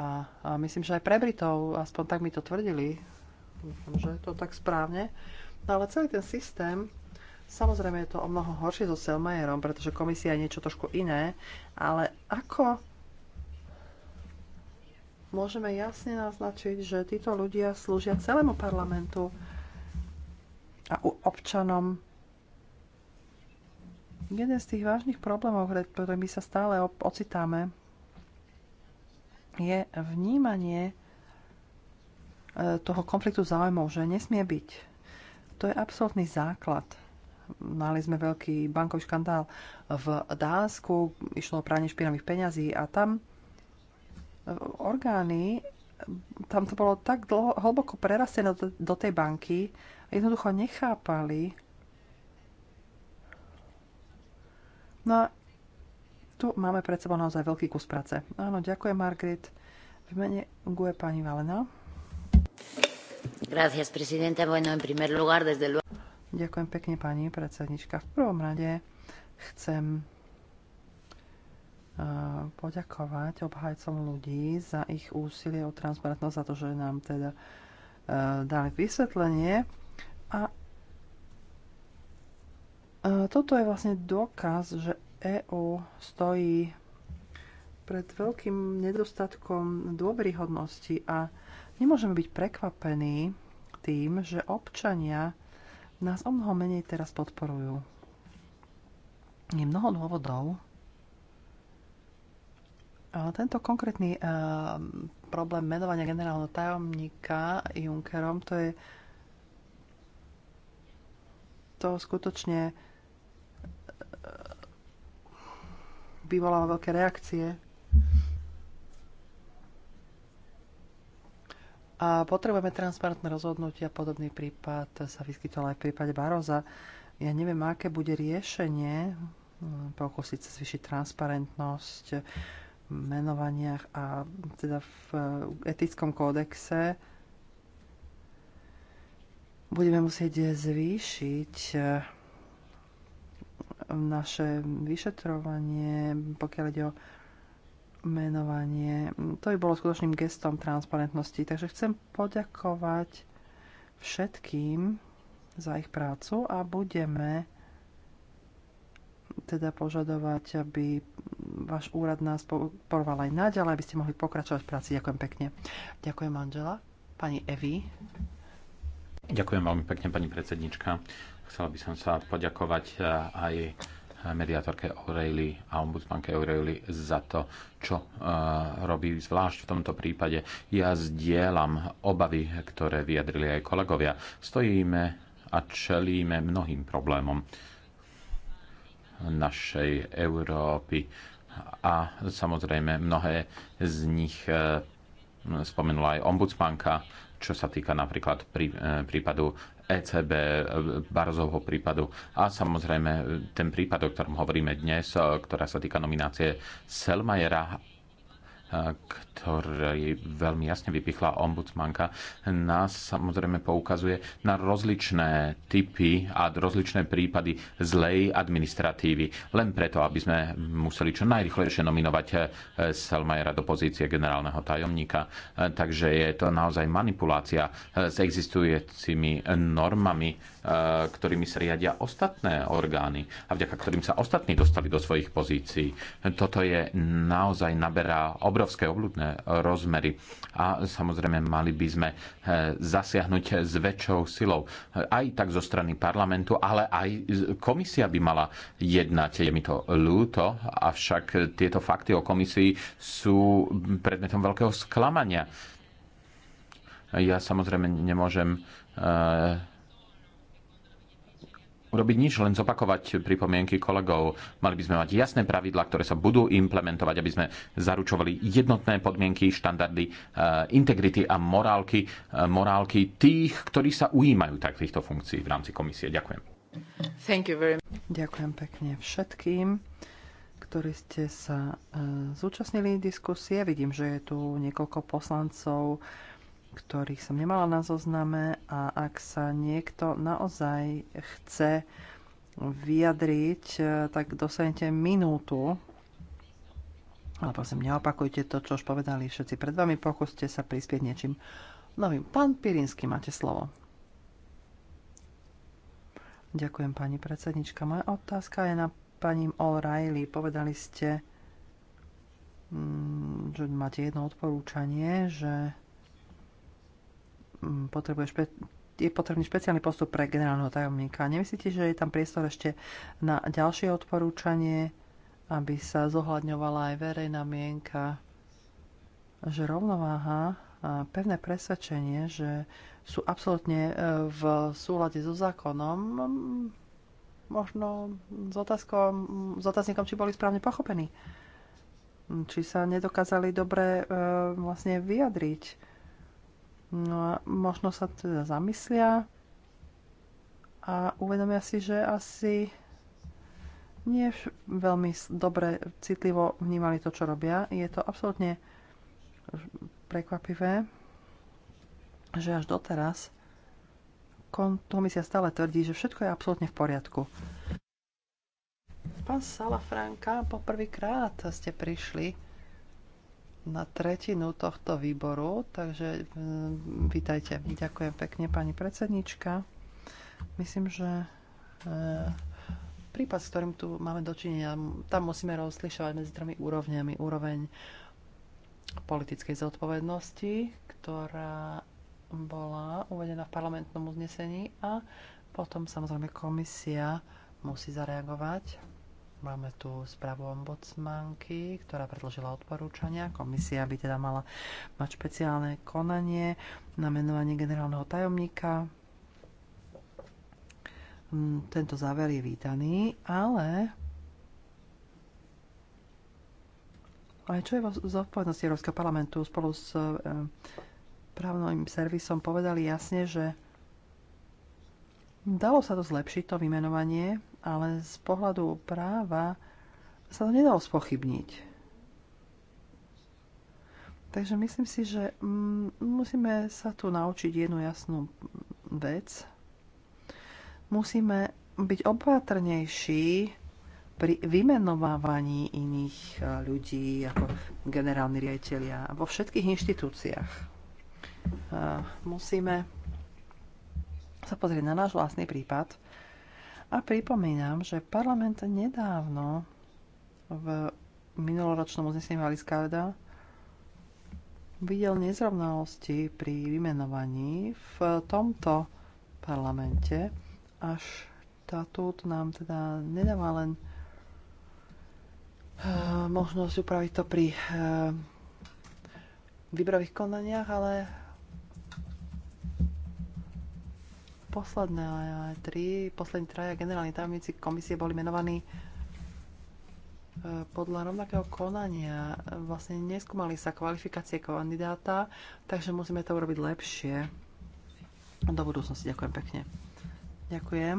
A, a myslím, že aj pre Britov, aspoň tak mi to tvrdili, dúfam, že je to tak správne. No ale celý ten systém, samozrejme je to o mnoho horšie so Selmayerom, pretože komisia je niečo trošku iné, ale ako môžeme jasne naznačiť, že títo ľudia slúžia celému parlamentu, a občanom. Jeden z tých vážnych problémov, pred ktorými sa stále ocitáme, je vnímanie e, toho konfliktu záujmov, že nesmie byť. To je absolútny základ. Mali sme veľký bankový škandál v Dánsku, išlo o pranie špinavých peňazí a tam e, orgány, tam to bolo tak dlho, hlboko prerastené do, do tej banky, jednoducho nechápali. No a tu máme pred sebou naozaj veľký kus práce. Áno, ďakujem, Margrit. V mene Gue pani Valena. Gracias, presidenta. Bueno, en primer lugar, desde luego... Ďakujem pekne, pani predsednička. V prvom rade chcem eh, poďakovať obhajcom ľudí za ich úsilie o transparentnosť, za to, že nám teda eh, dali vysvetlenie. A e, toto je vlastne dôkaz, že EÚ stojí pred veľkým nedostatkom dôveryhodnosti a nemôžeme byť prekvapení tým, že občania nás o mnoho menej teraz podporujú. Je mnoho dôvodov, ale tento konkrétny uh, problém menovania generálneho tajomníka Junckerom, to je uh, to skutočne e, vyvolalo veľké reakcie. A potrebujeme transparentné rozhodnutia. Podobný prípad sa vyskytol aj v prípade Baroza. Ja neviem, aké bude riešenie hm, pokúsiť sa zvyšiť transparentnosť v menovaniach a teda v e, etickom kódexe budeme musieť zvýšiť eh, naše vyšetrovanie, pokiaľ ide o menovanie. To by bolo skutočným gestom transparentnosti. Takže chcem poďakovať všetkým za ich prácu a budeme teda požadovať, aby váš úrad nás porval aj naďalej, aby ste mohli pokračovať v práci. Ďakujem pekne. Ďakujem, Angela. Pani Evi. Ďakujem veľmi pekne, pani predsednička. Chcela by som sa poďakovať eh, aj eh, mediátorke O'Reilly a ombudsmanke O'Reilly za to, čo eh, robí zvlášť v tomto prípade. Ja zdieľam obavy, ktoré vyjadrili aj kolegovia. Stojíme a čelíme mnohým problémom našej Európy a samozrejme mnohé z nich spomenula aj ombudsmanka čo sa týka napríklad prí, e, prípadu ECB, e, Barzovho prípadu a samozrejme ten prípad, o ktorom hovoríme dnes, e, ktorá sa týka nominácie Selmajera ktorý veľmi jasne vypichla ombudsmanka, nás samozrejme poukazuje na rozličné typy a rozličné prípady zlej administratívy. Len preto, aby sme museli čo najrychlejšie nominovať eh, Selmajera do pozície generálneho tajomníka. Eh, takže je to naozaj manipulácia eh, s existujúcimi normami ktorými sa riadia ostatné orgány a vďaka ktorým sa ostatní dostali do svojich pozícií. Toto je naozaj naberá obrovské obľudné rozmery a samozrejme mali by sme e, zasiahnuť s väčšou silou. E, aj tak zo strany parlamentu, ale aj komisia by mala jednať. Je mi to ľúto, avšak tieto fakty o komisii sú predmetom veľkého sklamania. Ja samozrejme nemôžem e, urobiť nič, len zopakovať pripomienky kolegov. Mali by sme mať jasné pravidlá, ktoré sa budú implementovať, aby sme zaručovali jednotné podmienky, štandardy eh, integrity a morálky, eh, morálky tých, ktorí sa ujímajú takýchto funkcií v rámci komisie. Ďakujem. Thank you very much. Ďakujem pekne všetkým, ktorí ste sa eh, zúčastnili diskusie. Vidím, že je tu niekoľko poslancov, ktorých som nemala na zozname a ak sa niekto naozaj chce vyjadriť, eh, tak dostanete minútu. Ale prosím, neopakujte to, čo už povedali všetci pred vami. Pokúste sa prispieť niečím novým. Pán Pirinsky, máte slovo. Ďakujem, pani predsednička. Moja otázka je na pani O'Reilly. Povedali ste, mm, že máte jedno odporúčanie, že potrebuje špe- je potrebný špeciálny postup pre generálneho tajomníka. Nemyslíte, že je tam priestor ešte na ďalšie odporúčanie, aby sa zohľadňovala aj verejná mienka, že rovnováha a pevné presvedčenie, že sú absolútne e, v súlade so zákonom, možno s, otázkom, s otáznikom, či boli správne pochopení. Či sa nedokázali dobre e, vlastne vyjadriť No a možno sa teda zamyslia a uvedomia si, že asi nie veľmi dobre citlivo vnímali to, čo robia. Je to absolútne prekvapivé, že až doteraz komisia stále tvrdí, že všetko je absolútne v poriadku. Pán Sala Franka, poprvýkrát ste prišli na tretinu tohto výboru, takže mm, vítajte. Ďakujem pekne, pani predsednička. Myslím, že e, prípad, s ktorým tu máme dočinenia, tam musíme rozlišovať medzi tromi úrovňami. Úroveň politickej zodpovednosti, ktorá bola uvedená v parlamentnom uznesení a potom samozrejme komisia musí zareagovať Máme tu správu ombudsmanky, ktorá predložila odporúčania. Komisia by teda mala mať špeciálne konanie na menovanie generálneho tajomníka. Mm, tento záver je vítaný, ale Ale čo je z odpovednosti Európskeho parlamentu spolu s e, právnym servisom povedali jasne, že dalo sa to zlepšiť, to vymenovanie, ale z pohľadu práva sa to nedalo spochybniť. Takže myslím si, že mm, musíme sa tu naučiť jednu jasnú vec. Musíme byť opatrnejší pri vymenovávaní iných e, ľudí ako generálni riaditeľia vo všetkých inštitúciách. E, musíme sa pozrieť na náš vlastný prípad a pripomínam, že parlament nedávno v minuloročnom uznesení Valiskarda videl nezrovnalosti pri vymenovaní v tomto parlamente až štatút nám teda nedáva len eh, možnosť upraviť to pri eh, výberových konaniach, ale posledné eh, tri, poslední traja generálni tajomníci komisie boli menovaní eh, podľa rovnakého konania. Vlastne neskúmali sa kvalifikácie kandidáta, takže musíme to urobiť lepšie do budúcnosti. Ďakujem pekne. Ďakujem.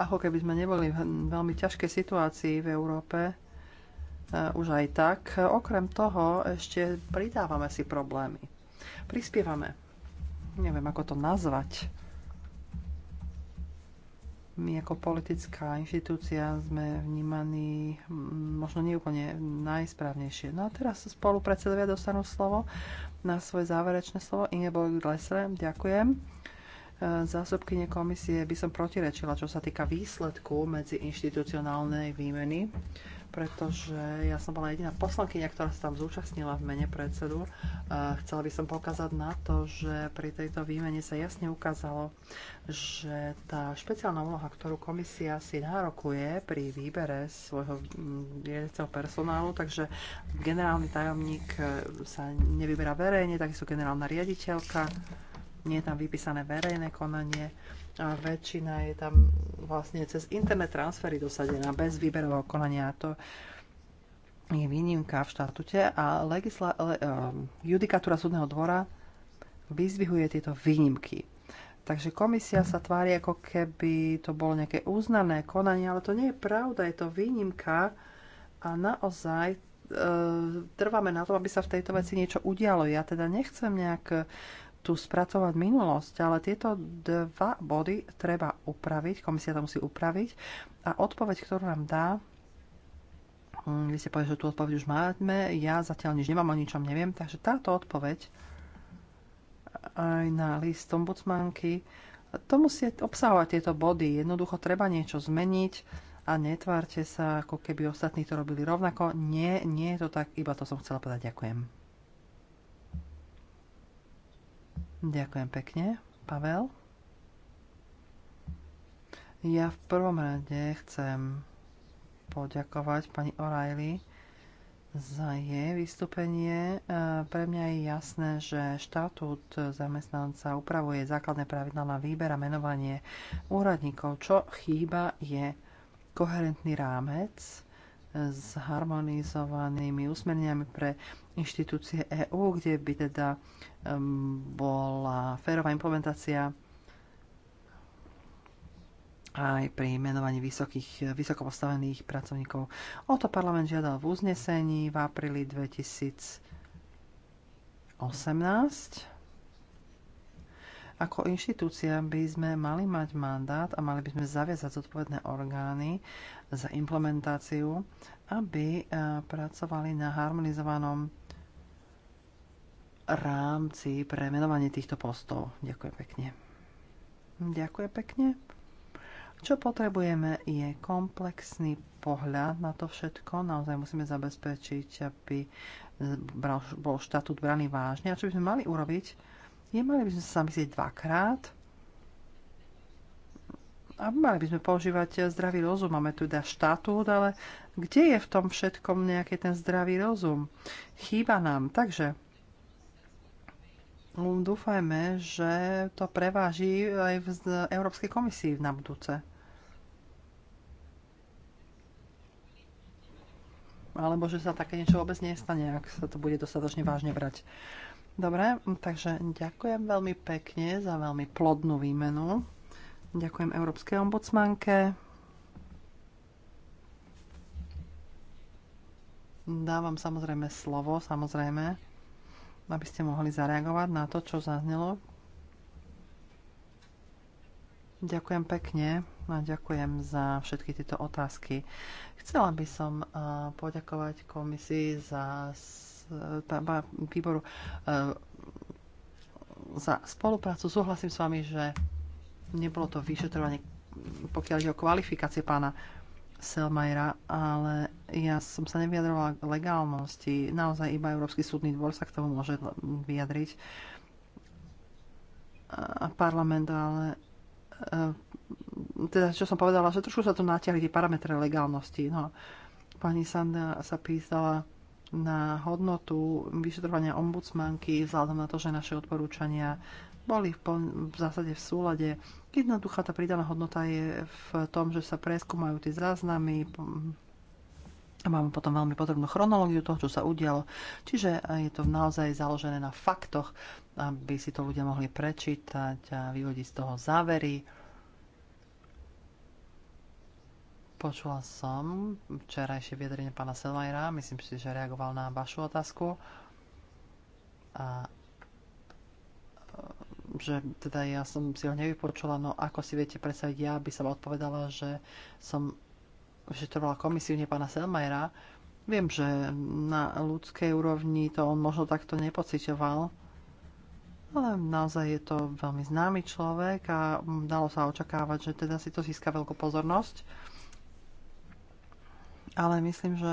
Ako keby sme neboli v veľmi ťažkej situácii v Európe, eh, už aj tak. Okrem toho ešte pridávame si problémy. Prispievame neviem ako to nazvať. My ako politická inštitúcia sme vnímaní mm, možno neúplne najsprávnejšie. No a teraz spolupredsedovia dostanú slovo na svoje záverečné slovo. Ingeborg Lesser ďakujem zásobkyne komisie by som protirečila, čo sa týka výsledku medzi inštitucionálnej výmeny, pretože ja som bola jediná poslankyňa, ktorá sa tam zúčastnila v mene predsedu. Chcela by som pokázať na to, že pri tejto výmene sa jasne ukázalo, že tá špeciálna úloha, ktorú komisia si nárokuje pri výbere svojho mm, riadiaceho personálu, takže generálny tajomník e, sa nevyberá verejne, takisto generálna riaditeľka, nie je tam vypísané verejné konanie a väčšina je tam vlastne cez internet transfery dosadená bez výberového konania. To je výnimka v štatute a legisla- le- um, eh, judikatúra súdneho dvora vyzvihuje tieto výnimky. Takže komisia sa tvári, ako keby to bolo nejaké uznané konanie, ale to nie je pravda, je to výnimka a naozaj e, trváme na tom, aby sa v tejto veci niečo udialo. Ja teda nechcem nejak tu spracovať minulosť, ale tieto dva body treba upraviť, komisia to musí upraviť a odpoveď, ktorú nám dá, hm, vy ste povedali, že tú odpoveď už máme, ja zatiaľ nič nemám, o ničom neviem, takže táto odpoveď aj na list ombudsmanky, to musí obsahovať tieto body. Jednoducho treba niečo zmeniť a netvárte sa, ako keby ostatní to robili rovnako. Nie, nie je to tak, iba to som chcela povedať. Ďakujem. Ďakujem pekne. Pavel? Ja v prvom rade chcem poďakovať pani O'Reilly za jej vystúpenie. E, pre mňa je jasné, že štatút zamestnanca upravuje základné pravidla na výber a menovanie úradníkov. Čo chýba je koherentný rámec, s harmonizovanými usmerniami pre inštitúcie EÚ, kde by teda bola férová implementácia aj pri menovaní vysokých, vysoko postavených pracovníkov. O to parlament žiadal v uznesení v apríli 2018 ako inštitúcia by sme mali mať mandát a mali by sme zaviazať zodpovedné orgány za implementáciu, aby eh, pracovali na harmonizovanom rámci pre menovanie týchto postov. Ďakujem pekne. Ďakujem pekne. Čo potrebujeme je komplexný pohľad na to všetko. Naozaj musíme zabezpečiť, aby bol štatút braný vážne. A čo by sme mali urobiť? Nemali by sme sa myslieť dvakrát a mali by sme používať zdravý rozum. Máme tu teda štatút, ale kde je v tom všetkom nejaký ten zdravý rozum? Chýba nám. Takže mm, dúfajme, že to preváži aj v Európskej komisii na budúce. Alebo že sa také niečo vôbec nestane, ak sa to bude dostatočne vážne brať. Dobre, takže ďakujem veľmi pekne za veľmi plodnú výmenu. Ďakujem Európskej ombudsmanke. Dávam samozrejme slovo, samozrejme, aby ste mohli zareagovať na to, čo zaznelo. Ďakujem pekne a ďakujem za všetky tieto otázky. Chcela by som poďakovať komisii za výboru e, za spoluprácu. Súhlasím s vami, že nebolo to vyšetrovanie, pokiaľ ide o kvalifikácie pána Selmajera, ale ja som sa nevyjadrovala k legálnosti. Naozaj iba Európsky súdny dvor sa k tomu môže vyjadriť. A parlament, ale e, teda čo som povedala, že trošku sa tu natiahli tie parametre legálnosti. No, pani Sanda sa pýtala, na hodnotu vyšetrovania ombudsmanky vzhľadom na to, že naše odporúčania boli v, v zásade v súlade. Jednoduchá tá pridaná hodnota je v tom, že sa preskúmajú tie záznamy, Máme potom veľmi podrobnú chronológiu toho, čo sa udialo. Čiže je to naozaj založené na faktoch, aby si to ľudia mohli prečítať a vyvodiť z toho závery. Počula som včerajšie vyjadrenie pána Selmajera, myslím si, že reagoval na vašu otázku. A e, že teda ja som si ho nevypočula, no ako si viete predstaviť, ja by som odpovedala, že som vyšetrovala komisiu, nie pána Selmajera. Viem, že na ľudskej úrovni to on možno takto nepocitoval. ale naozaj je to veľmi známy človek a dalo sa očakávať, že teda si to získa veľkú pozornosť ale myslím, že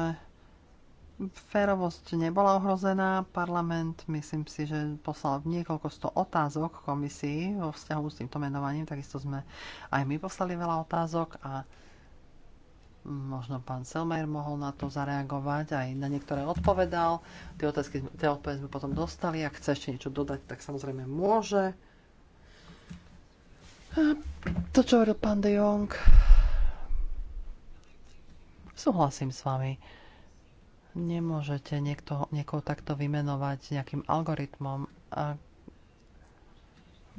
férovosť nebola ohrozená. Parlament, myslím si, že poslal niekoľko sto otázok komisii vo vzťahu s týmto menovaním. Takisto sme aj my poslali veľa otázok a možno pán Selmer mohol na to zareagovať, aj na niektoré odpovedal. Tie, otázky, tie odpovede sme potom dostali. Ak chce ešte niečo dodať, tak samozrejme môže. To, čo hovoril pán De Jong, Súhlasím s vami. Nemôžete niekto, niekoho takto vymenovať nejakým algoritmom. A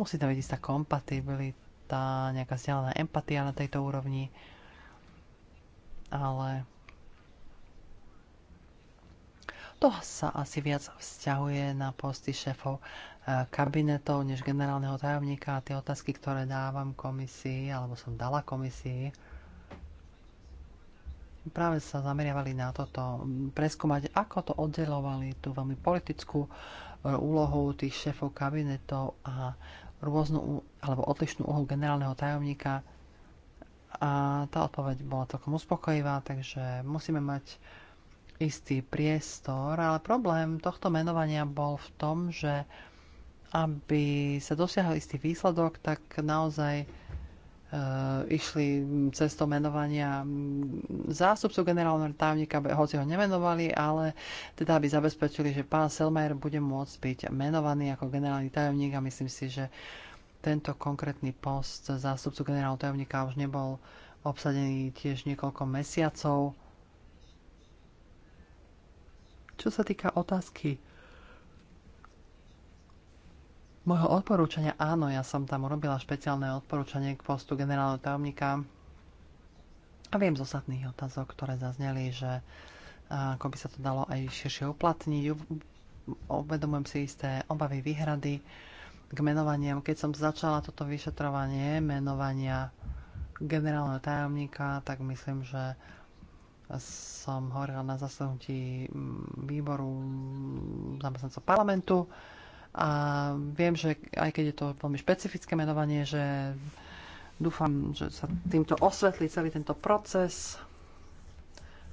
musí tam byť istá kompatibilita, nejaká vzdialená empatia na tejto úrovni. Ale to sa asi viac vzťahuje na posty šéfov eh, kabinetov než generálneho tajomníka a tie otázky, ktoré dávam komisii alebo som dala komisii, práve sa zameriavali na toto, preskúmať, ako to oddelovali, tú veľmi politickú e, úlohu tých šéfov kabinetov a rôznu alebo odlišnú úlohu generálneho tajomníka. A tá odpoveď bola celkom uspokojivá, takže musíme mať istý priestor, ale problém tohto menovania bol v tom, že aby sa dosiahol istý výsledok, tak naozaj Eh, išli cestou menovania mm, zástupcu generálneho tajomníka, hoci ho nemenovali, ale teda aby zabezpečili, že pán Selmayr bude môcť byť menovaný ako generálny tajomník a myslím si, že tento konkrétny post zástupcu generálneho tajomníka už nebol obsadený tiež niekoľko mesiacov. Čo sa týka otázky môjho odporúčania, áno, ja som tam urobila špeciálne odporúčanie k postu generálneho tajomníka a viem z ostatných otázok, ktoré zazneli, že ako by sa to dalo aj širšie uplatniť. Uvedomujem si isté obavy, výhrady k menovaniam. Keď som začala toto vyšetrovanie menovania generálneho tajomníka, tak myslím, že som hovorila na zasadnutí výboru zamestnancov parlamentu, a viem, že aj keď je to veľmi špecifické menovanie, že dúfam, že sa týmto osvetlí celý tento proces.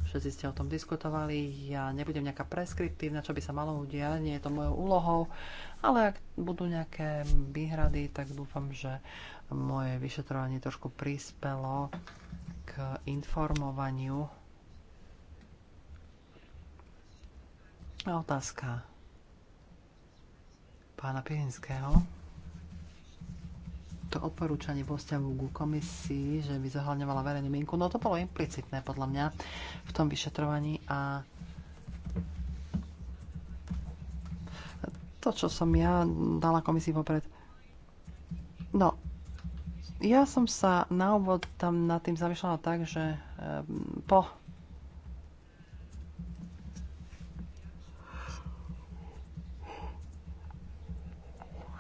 Všetci ste o tom diskutovali. Ja nebudem nejaká preskriptívna, čo by sa malo udiať. Nie je to mojou úlohou. Ale ak budú nejaké výhrady, tak dúfam, že moje vyšetrovanie trošku prispelo k informovaniu. Otázka pána Pirinského. To odporúčanie vo vzťahu ku komisii, že by zahľadňovala verejnú mienku, no to bolo implicitné podľa mňa v tom vyšetrovaní a to, čo som ja dala komisii vopred. No, ja som sa na úvod tam nad tým zamýšľala tak, že ehm, po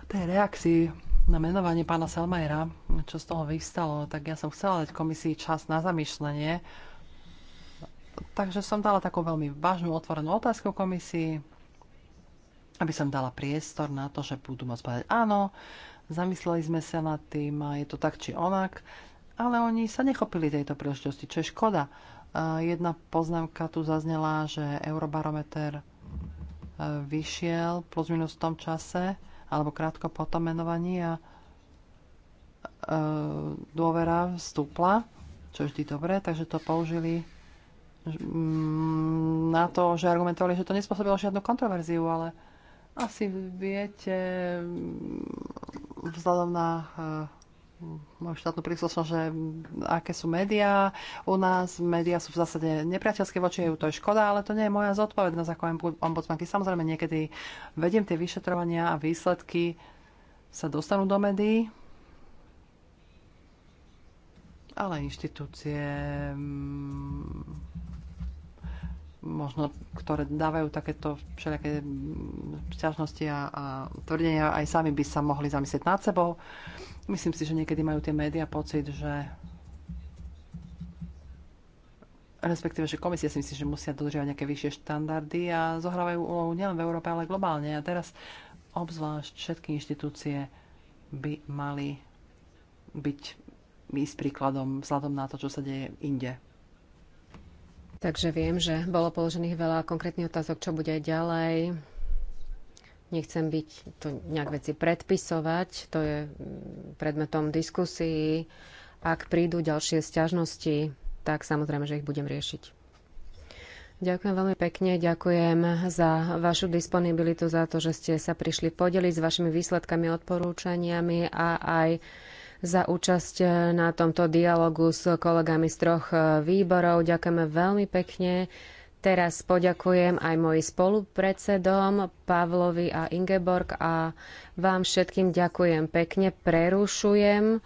tej reakcii na menovanie pána Selmajera, čo z toho vystalo, tak ja som chcela dať komisii čas na zamýšľanie. Takže som dala takú veľmi vážnu otvorenú otázku komisii, aby som dala priestor na to, že budú môcť povedať áno, zamysleli sme sa nad tým a je to tak či onak, ale oni sa nechopili tejto príležitosti, čo je škoda. Jedna poznámka tu zaznela, že Eurobarometer e, vyšiel plus minus v tom čase, alebo krátko po tom menovaní a e, dôvera vstúpla, čo je vždy dobré, takže to použili mm, na to, že argumentovali, že to nespôsobilo žiadnu kontroverziu, ale asi viete, mm, vzhľadom na e, môj štátnu príslušnosť, že aké sú médiá u nás. Médiá sú v zásade nepriateľské voči EU, to je škoda, ale to nie je moja zodpovednosť ako ombudsmanky. Samozrejme, niekedy vediem tie vyšetrovania a výsledky sa dostanú do médií, ale inštitúcie mm, možno, ktoré dávajú takéto všelijaké šťažnosti a, a tvrdenia, aj sami by sa mohli zamyslieť nad sebou. Myslím si, že niekedy majú tie médiá pocit, že respektíve, že komisia si myslí, že musia dodržiavať nejaké vyššie štandardy a zohrávajú úlohu nielen v Európe, ale globálne. A teraz obzvlášť všetky inštitúcie by mali byť ísť príkladom vzhľadom na to, čo sa deje inde. Takže viem, že bolo položených veľa konkrétnych otázok, čo bude ďalej. Nechcem byť to nejak veci predpisovať, to je mm, predmetom diskusii. Ak prídu ďalšie stiažnosti, tak samozrejme, že ich budem riešiť. Ďakujem veľmi pekne, ďakujem za vašu disponibilitu, za to, že ste sa prišli podeliť s vašimi výsledkami, odporúčaniami a aj za účasť na tomto dialogu s kolegami z troch e, výborov. Ďakujeme veľmi pekne. Teraz poďakujem aj mojim spolupredsedom Pavlovi a Ingeborg a vám všetkým ďakujem pekne. Prerušujem e,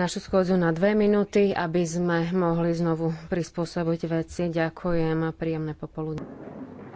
našu schôdzu na dve minúty, aby sme mohli znovu prispôsobiť veci. Ďakujem a príjemné popoludne.